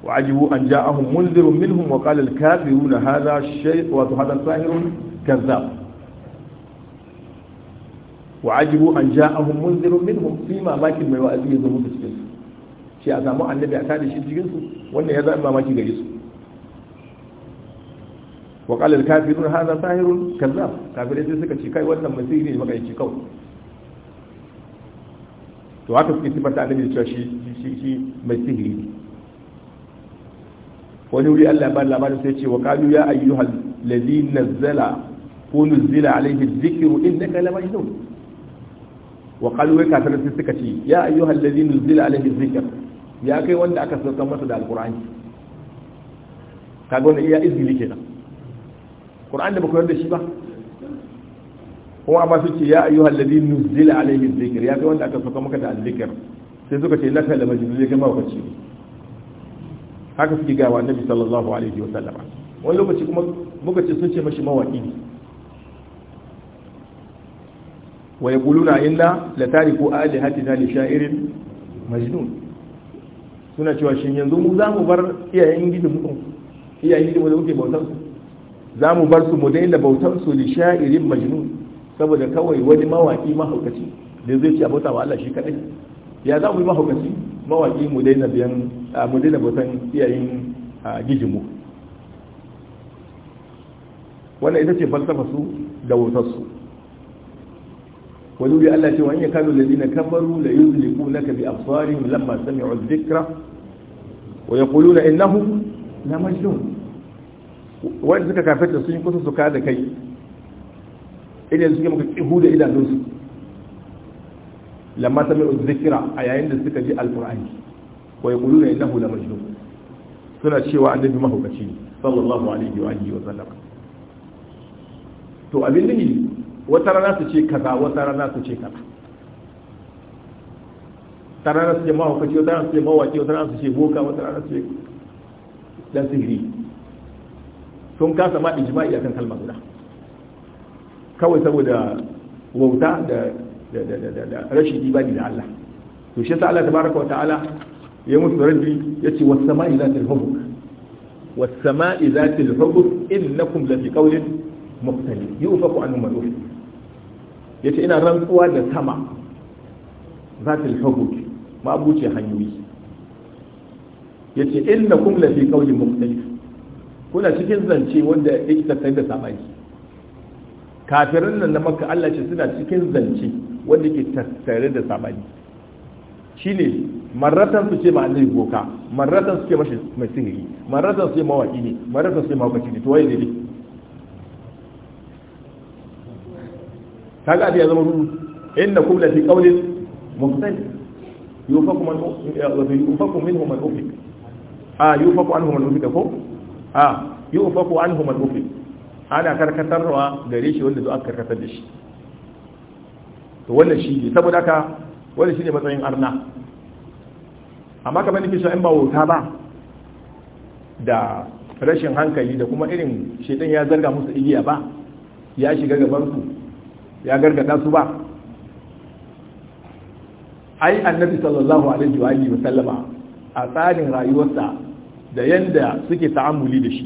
wa ajibu جاءهم منذر منهم وقال الكافرون هذا al وهذا hadha كذاب wa ajibu an ja'ahum munzirun minhum fi mamakin mai wa'azi ya zo musu cikin su a samu annabi a tada shi cikin su wannan ya zama mamaki gare su wa qala al kafirun hadha sahirun sai suka kai wannan ne to haka suke sifanta annabi cewa shi shi shi mai sihiri ne wani wuri Allah ya ba labarin sai ce wa qalu ya ayyuhal ladhi nazzala ko nuzila alaihi dhikru innaka la wa qalu ka sanar sai suka ce ya ayyuhal ladhi nuzila alayhi dhikr ya kai wanda aka sauka masa da alqur'ani kaga wannan iya izgili kenan qur'ani da baka yarda shi ba kuma amma ce ya ayyuhal ladhi nuzila alayhi dhikr ya kai wanda aka sauka maka da al-dhikr sai suka ce laka la majnun kai ma wakaci haka suke ga wa annabi sallallahu alaihi wa sallama wani lokaci kuma muka ce sun ce mashi mawaki ne wa yaquluna inna la tariku alihatina li sha'irin majnun suna cewa shin yanzu mu za mu bar iyayen gidan mu iyayen gidan mu da muke bautar su za mu bar su mu daina bautar su li sha'irin majnun saboda kawai wani mawaki mahaukaci da zai ci abota wa Allah shi kadai ya za mu yi mahaukaci mawaki mu daina biyan mu daina bautan iyayen wannan ita ce falsafa su da wutar su wani wuri Allah ce wani ya kano da zina kafaru la yi zuliku na ka bi afsari lamma sami wa zikra wa ya kulu na innahu na majnun wanda suka kafeta sun yi kusa su kada kai idan suke maka ihu da idanunsu lamma sami wa zikra a yayin da suka ji alkur'ani wa ya kulu na innahu na majnun suna cewa annabi mahaukaci ne sallallahu alaihi wa alihi wa sallam to abin da ne wata rana su ce kaza wata rana su ce kaza ta rana su ce mahaukaci wata rana su ce mawaki wata rana su ce boka wata rana su ce dan sihiri sun kasa ma ijma'i kan kalmar guda kawai saboda wauta da rashin ibadi da Allah to shi yasa Allah tabaraka wa ta'ala ya musu rabbi yace was sama'i zatil hubuk was sama'i zatil hubuk innakum lafi qawlin muqtalib yufaku anhu man yace ina rantsuwa da sama ta hukuk ma buce hanyoyi yace kum la fi qawlin mukhtalif kuna cikin zance wanda yake tattare da sabani kafirin nan na makka Allah ce suna cikin zance wanda yake tattare da sabani shine marratan su ce ma annabi boka marratan su ce mashi mai sihiri marratan su ce mawaki ne marratan su ce mawaki ne to waye ne kaga abi ya zama rubu inna kum la fi qawlin muqtal yufakum man eh, yufakum minhum man ufik ah yufaku anhum man ufik ko a yufaku anhum man ufik ana karkatarwa gare shi wanda zuwa karkatar da shi to wannan shi ne saboda haka wannan shi ne matsayin arna amma kamar nake so in ba wuta ba da rashin hankali da kuma irin shedan ya zarga musu igiya ba ya shiga gabansu su ya gargada su ba ai annabi sallallahu alaihi wa alihi wasallama a tsarin rayuwarsa da yanda suke ta'amuli da shi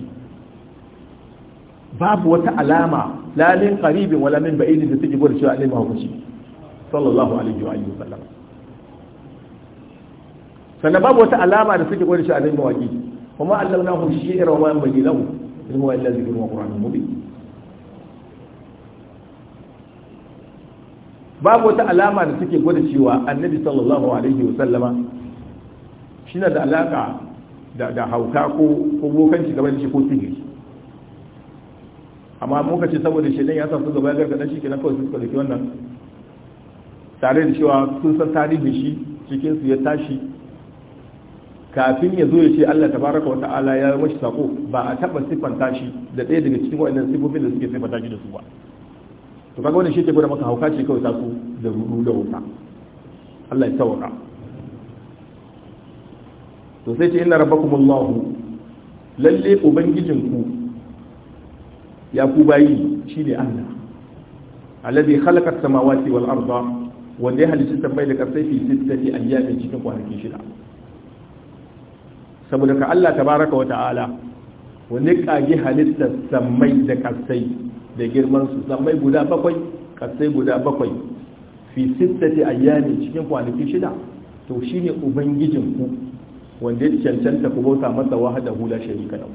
babu wata alama lalin qaribin wala min ba'idin da take gwada cewa annabi hukunci sallallahu alaihi wa alihi wasallama sannan babu wata alama da suke gwada cewa annabi mawaki kuma allamnahu shi'ra wa ma yanbaghi lahu ilmu allazi bil qur'anin mubin babu wata alama da suke gwada cewa annabi sallallahu alaihi wa sallama shi da alaka da hauka ko bokanci gaba da shi ko sihiri amma muka ce saboda shi ya samu su gaba ya gargada shi kenan kawai su suka dauki wannan tare da cewa sun san tarihin shi cikin su ya tashi kafin ya zo ya ce Allah tabaraka wa ta'ala ya mashi sako ba a taba siffanta shi da ɗaya daga cikin waɗannan siffofin da suke siffanta shi da su ba to kaga wannan shi ke gwada maka hauka ce kawai ta su da rudu da wuta Allah ya sauka to sai ce inna rabbakumullahu lalle ubangijin ku ya ku bayi shine Allah alladhi khalaqa as-samawati wal arda wanda ya halicci sammai da kasai fi sittati ayyamin cikin kwanaki shida saboda ka Allah tabaraka wa ta'ala wanda ya kage halittar samai da kasai da girmansu sammai guda bakwai kasai guda bakwai fi sittati ayyami cikin kwanaki shida to shine ubangijin ku wanda ya cancanta ku bauta masa wahdahu la sharika lahu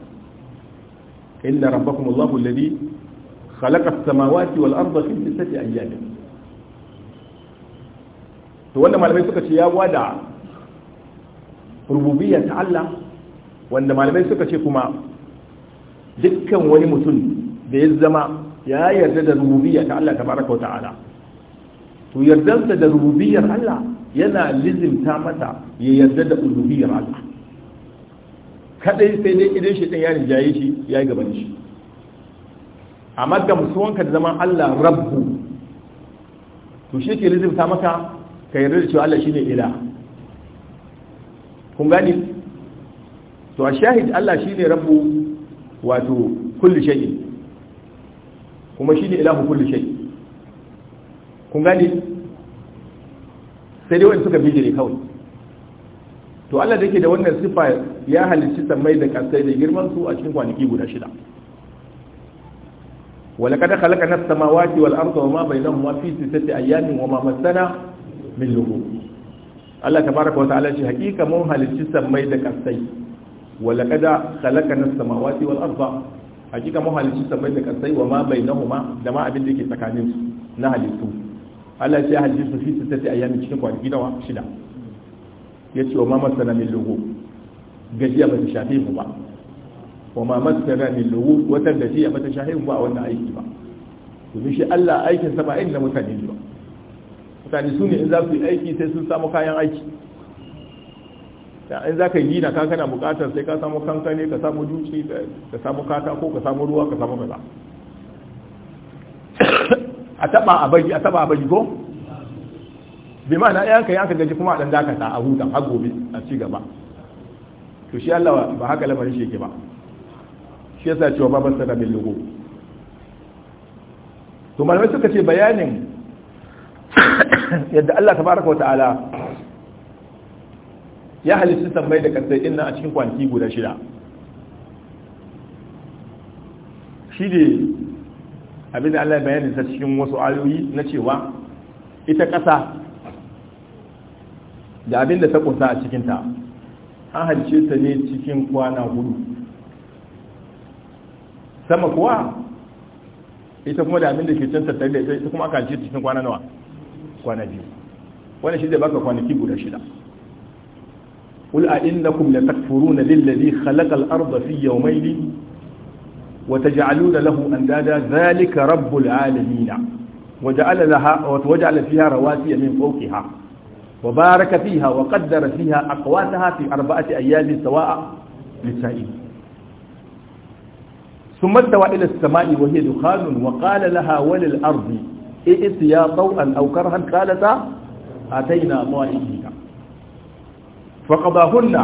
inna rabbakum allahu alladhi khalaqa as-samawati wal arda fi sittati ayyami to wanda malamai suka ce ya wada rububiyya ta Allah wanda malamai suka ce kuma dukkan wani mutum da ya zama ya yarda da rububiyya ta Allah tabaraka ta'ala to yardansa da rububiyyar Allah yana lizimta mata ya yarda da uluhiyyar Allah kadai sai dai idan shi din ya rijaye shi ya yi gaban shi amma ga musuwanka da zaman Allah rabbu to shi ke lizimta maka ka yarda da cewa Allah shine ila kun gani to a shahid Allah shine rabbu wato kulli shay'in kuma shine ilahu kulli shai. kun gane sai dai wani suka bijire kawai to Allah da yake da wannan sifa ya halicci sammai da kasai da girman su a cikin kwanaki guda shida ولقد خلقنا السماوات والأرض وما بينهما في ستة أيام وما مسنا من لغوب الله تبارك وتعالى شي حقيقة مو هل الجسم ميدك السي ولقد خلقنا wal والأرض hakika mahalicci sabai da kasai wa ma huma da ma abin da yake tsakanin su na halittu Allah ya halitta su fi sittati ayyami cikin kwanaki nawa shida yace wa ma masana min lugu gajiya ba ta shafe mu ba wa ma masana min lugu wata gajiya ba ta shafe mu ba a wannan aiki ba domin shi Allah aikin sa ba inda mutane ba mutane su ne in za su yi aiki sai sun samu kayan aiki da in za ka yi gina ka kana bukatar sai ka samu kankane ka samu juci ka samu katako ka samu ruwa ka samu maza a taba a bari a taba a bari ko bi na ɗayan ka yanka gaji kuma a ɗan dakata a huta a gobe a ci gaba to shi Allah ba haka lamarin shi yake ba shi yasa cewa baban sana bin lugu to malamai suka ce bayanin yadda Allah tabaraka wa ta'ala ya halitta tambayi da kasai inna a cikin kwanaki guda shida shi ne abin da Allah ya bayanin sa cikin wasu ayoyi na cewa ita ƙasa da abin da ta kusa a cikinta an halice ta ne cikin kwana hudu sama kuwa ita kuma da abin da ke can tattare da ita kuma aka halice cikin kwana nawa kwana biyu wani shi zai baka kwanaki guda shida قل أئنكم لتكفرون للذي خلق الأرض في يومين وتجعلون له أندادا ذلك رب العالمين وجعل, لها وجعل فيها رواسي من فوقها وبارك فيها وقدر فيها أقواتها في أربعة أيام سواء للسائل ثم استوى إلى السماء وهي دخان وقال لها وللأرض ائتيا طوءا أو كرها قالتا أتينا طائعين فقضاهن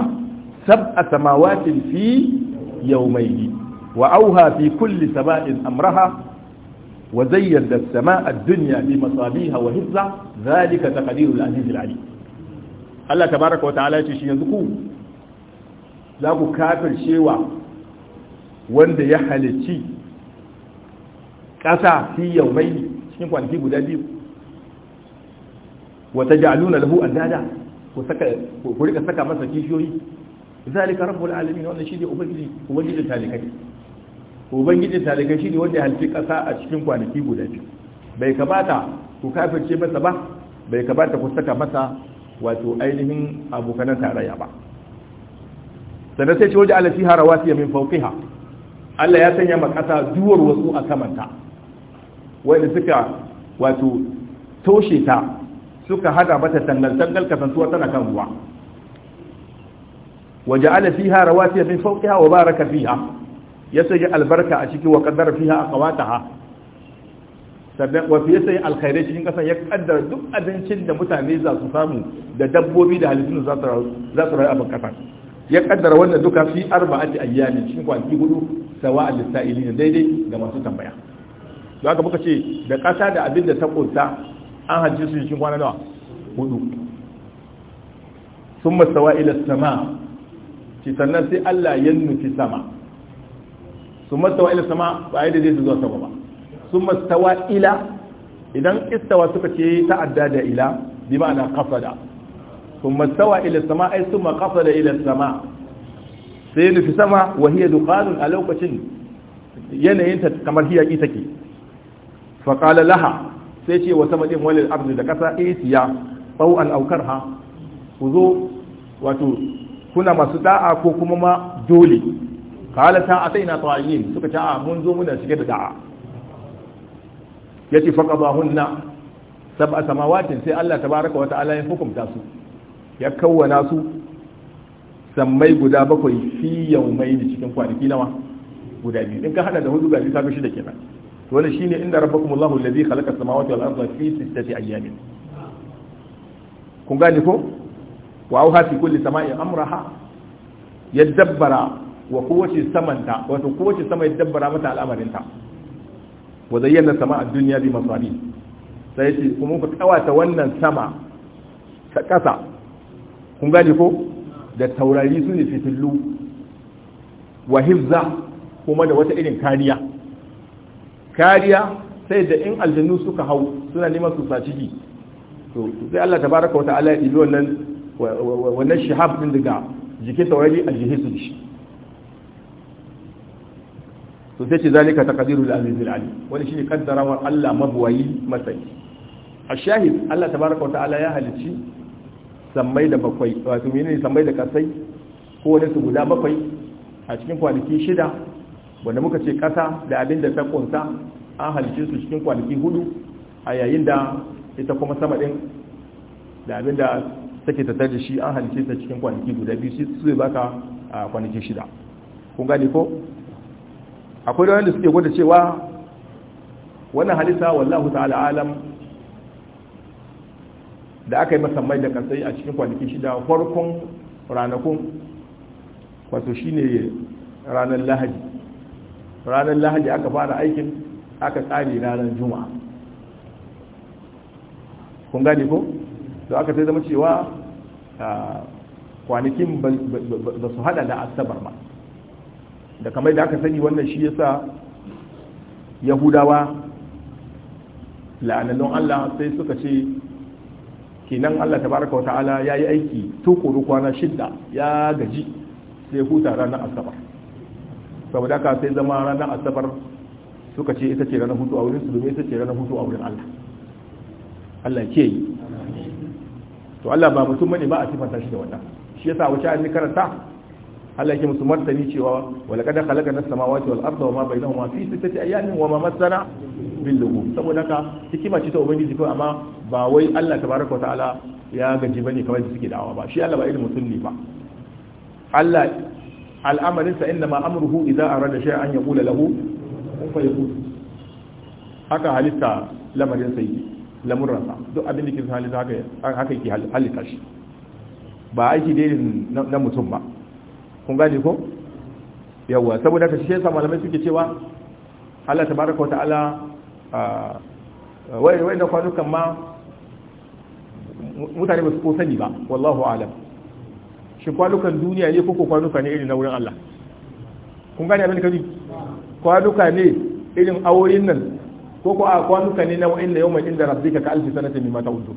سبع سماوات في يومين وأوها في كل سماء أمرها وزيد السماء الدنيا بمصابيها وهزة ذلك تقدير العزيز العليم الله تبارك وتعالى يشيشي يذكو لابو كافر شيوا وند يحل الشي كسا في يومين شنكو عن كيبو وتجعلون له أندادا ku saka ku rika saka masa kishiyoyi zalika rabbul alamin wannan shine ubangiji ubangiji talikai ubangiji talikai shine wanda ya halci kasa a cikin kwanaki guda biyu bai kamata ku kafirce masa ba bai kamata ku saka masa wato ainihin abokan tarayya ba sannan sai ce waje ala fiha rawasiya min fawqiha Allah ya sanya ma kasa duwar wasu a samanta wanda suka wato toshe ta suka hada mata tangal-tangal kasantuwa tana kan ruwa waje ala fiha rawatiya min fawqiha wa baraka fiha ya albaraka albarka a ciki wa qaddara fiha aqwataha sannan wa fi sai alkhairai cikin kasan ya kaddara duk abincin da mutane za su samu da dabbobi da halittun za su za su rayu a bakasa ya kaddara wannan duka fi arba'ati ayyamin cikin kwanaki hudu sawa lisa'ilin daidai ga masu tambaya don haka muka ce da kasa da abin da ta kunta an hajji su cikin kwana nawa hudu sun masawa ila sama ci sannan sai Allah ya nufi sama sun masawa ila sama ba a yi da zai zuwa sama ba sun masawa ila idan istawa suka ce ta'adda da ila bi ma'ana kafada sun masawa ila sama ai sun ma kafada ila sama sai nufi sama wa hiya duqanun a lokacin yanayinta kamar hiyaki take fa qala laha sai ce wa sama din walil ardi da ƙasa isiya eh, tsaw an aukar ha ku zo wato kuna masu da'a ko kuma ma dole kala ta na ta'in suka ta'a mun zo muna shige da da'a ya ce yace faqadahunna sab'a samawatin sai Allah baraka wata ala ya hukumta su ya kawwana su sammai guda bakwai fi yaumaini cikin kwanaki nawa guda biyu in ka hada da hudu ga biyu ka shi da kenan wani shine inda rabbakum Allahu alladhi khalaqa as-samawati wal arda fi sittati ayyamin kun gane ko wa auha fi kulli sama'i amraha yadabbara wa kowace samanta wato kowace sama yadabbara mata al'amarinta wa zayyana sama'a dunya bi masari sai ce kuma ku kawata wannan sama ta kasa kun gane ko da taurari su ne fitillu wa hifza kuma da wata irin kariya kariya sai da in aljannu suka hau suna neman su sa ciki to sai Allah tabaraka wata'ala ya dibi wannan wannan shihab din daga jikin taurari a jihe shi to sai ce zalika taqdirul azizul alim wani shine wa Allah mabwayi masai ashahid Allah tabaraka wataala ya halici sammai da bakwai wato menene sammai da kasai ko wani su guda bakwai a cikin kwanaki shida wanda muka ce ƙasa da abin da ta ƙunsa an halice su cikin kwanaki hudu a yayin da ita kuma sama ɗin da abin da take tattar da shi an halice ta cikin kwanaki guda biyu su zai baka a kwanaki shida kun gane ko akwai wanda suke gwada cewa wannan halitta wallahu ta'ala alam da aka yi masammai da kasai a cikin kwanaki shida farkon ranakun wato shine ranar lahadi ranar lahadi aka fara aikin aka tsari ranar juma'a kun gane ko da aka sai zama cewa kwanakin ba su hada da asabar ba da kamar da aka sani wannan shi yasa yahudawa la'anannun allah sai suka ce kenan allah tabaraka wa ta'ala ya yi aiki tukuru kwana shidda ya gaji sai huta ranar asabar saboda haka sai zama ranar asabar suka ce ita ce ranar hutu a wurin su domin ita ce ranar hutu a wurin Allah Allah ke yi to Allah ba mutum bane ba a sifanta shi da wannan shi yasa wace an karanta Allah yake musu martani cewa wala kada khalaqana samawati wal arda wama bainahuma fi sittati ayamin wama masana bil lughub saboda haka hikima ce ta ubangiji ko amma ba wai Allah tabaraka wa ta'ala ya gaji bane kamar da suke da'awa ba shi Allah ba irin mutum ne ba Allah al'amarin sa inna ma amruhu idza arada an yaqula lahu ya fayakun haka halitta lamarin sa yake sa duk abin da ke halitta haka haka yake halitta shi ba aiki dai na mutum ba kun gane ko yawa saboda ka shi yasa malamai suke cewa Allah tabaraka wa ta'ala wai wai da kwanukan ma mutane ba su ko sani ba wallahu alam shi kwanukan duniya ne koko kwanuka ne irin na wurin Allah kun gane abin da kaji kwanuka ne irin aurin nan koko a kwanuka ne na wa'in da yau mai inda rabbika ka alfi sanatin mata ta'uddu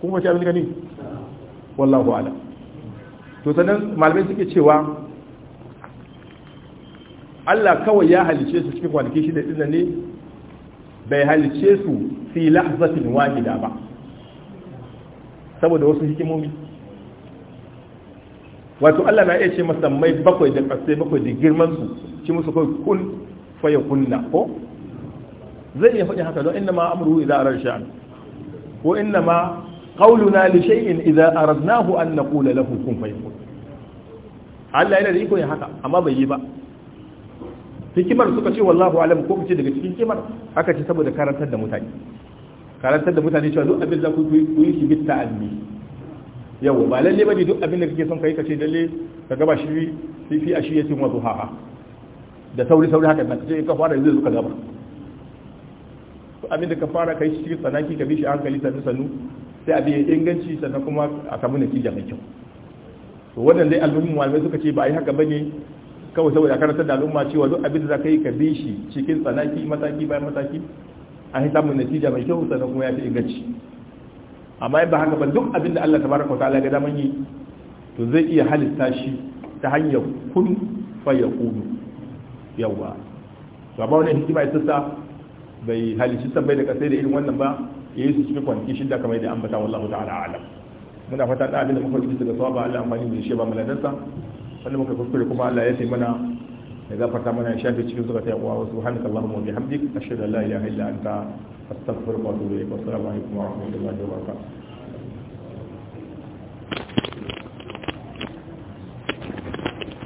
kun wace abin da kaji wallahu ala to sanan malamai suke cewa Allah kawai ya halice su cikin kwanaki shida din ne bai halice su fi lahzatin wahida ba saboda wasu hikimomi wato Allah na iya ce masa mai bakwai da ƙasai bakwai da girman su ci musu kai kun faya kunna ko zai iya faɗi haka don inna ma amruhu idza arada sha'an ko inna ma na li shay'in idza aradnahu an ƙula lahu kun kun Allah yana da iko ya haka amma bai yi ba hikimar suka ce wallahu alam ko kace daga cikin hikimar haka ce saboda karantar da mutane karantar da mutane cewa duk abin da ku yi shi bit ta'alli Yau, ba lalle ne duk abin da kake son kai kace lalle ka gaba shi fi fi ashiyatin wa duhaha da sauri sauri haka nan kace ka fara zai zuka gaba abin da ka fara kai shi tsanaki ka bi shi hankali sannu sannu sai abin ya inganci sannan kuma a samu kija mai kyau to wannan dai almuhimmin malamai suka ce ba ai haka bane kawai saboda karantar da al'umma cewa duk abin da za ka yi ka bi shi cikin tsanaki mataki bayan mataki an yi samun natija mai kyau sannan kuma ya fi inganci amma in ba haka ba duk abin da Allah tabaraka ta'ala ga daman yi to zai iya halitta shi ta hanyar kun fa kunu yawa ba ba wani hikima ya sassa bai halishi san bai da kasai da irin wannan ba ya yi su cikin shi da kamar da ambata wallahu ta'ala alam muna fata da abin da muka yi daga ba Allah amfani da shi ba maladansa wanda muka kuskure kuma Allah ya taimana ya gafarta mana shafi cikin suka ta yawa wasu hannuka Allahumma wa bihamdik ashhadu an la ilaha illa anta astaghfiruka wa atubu ilayk wa assalamu alaikum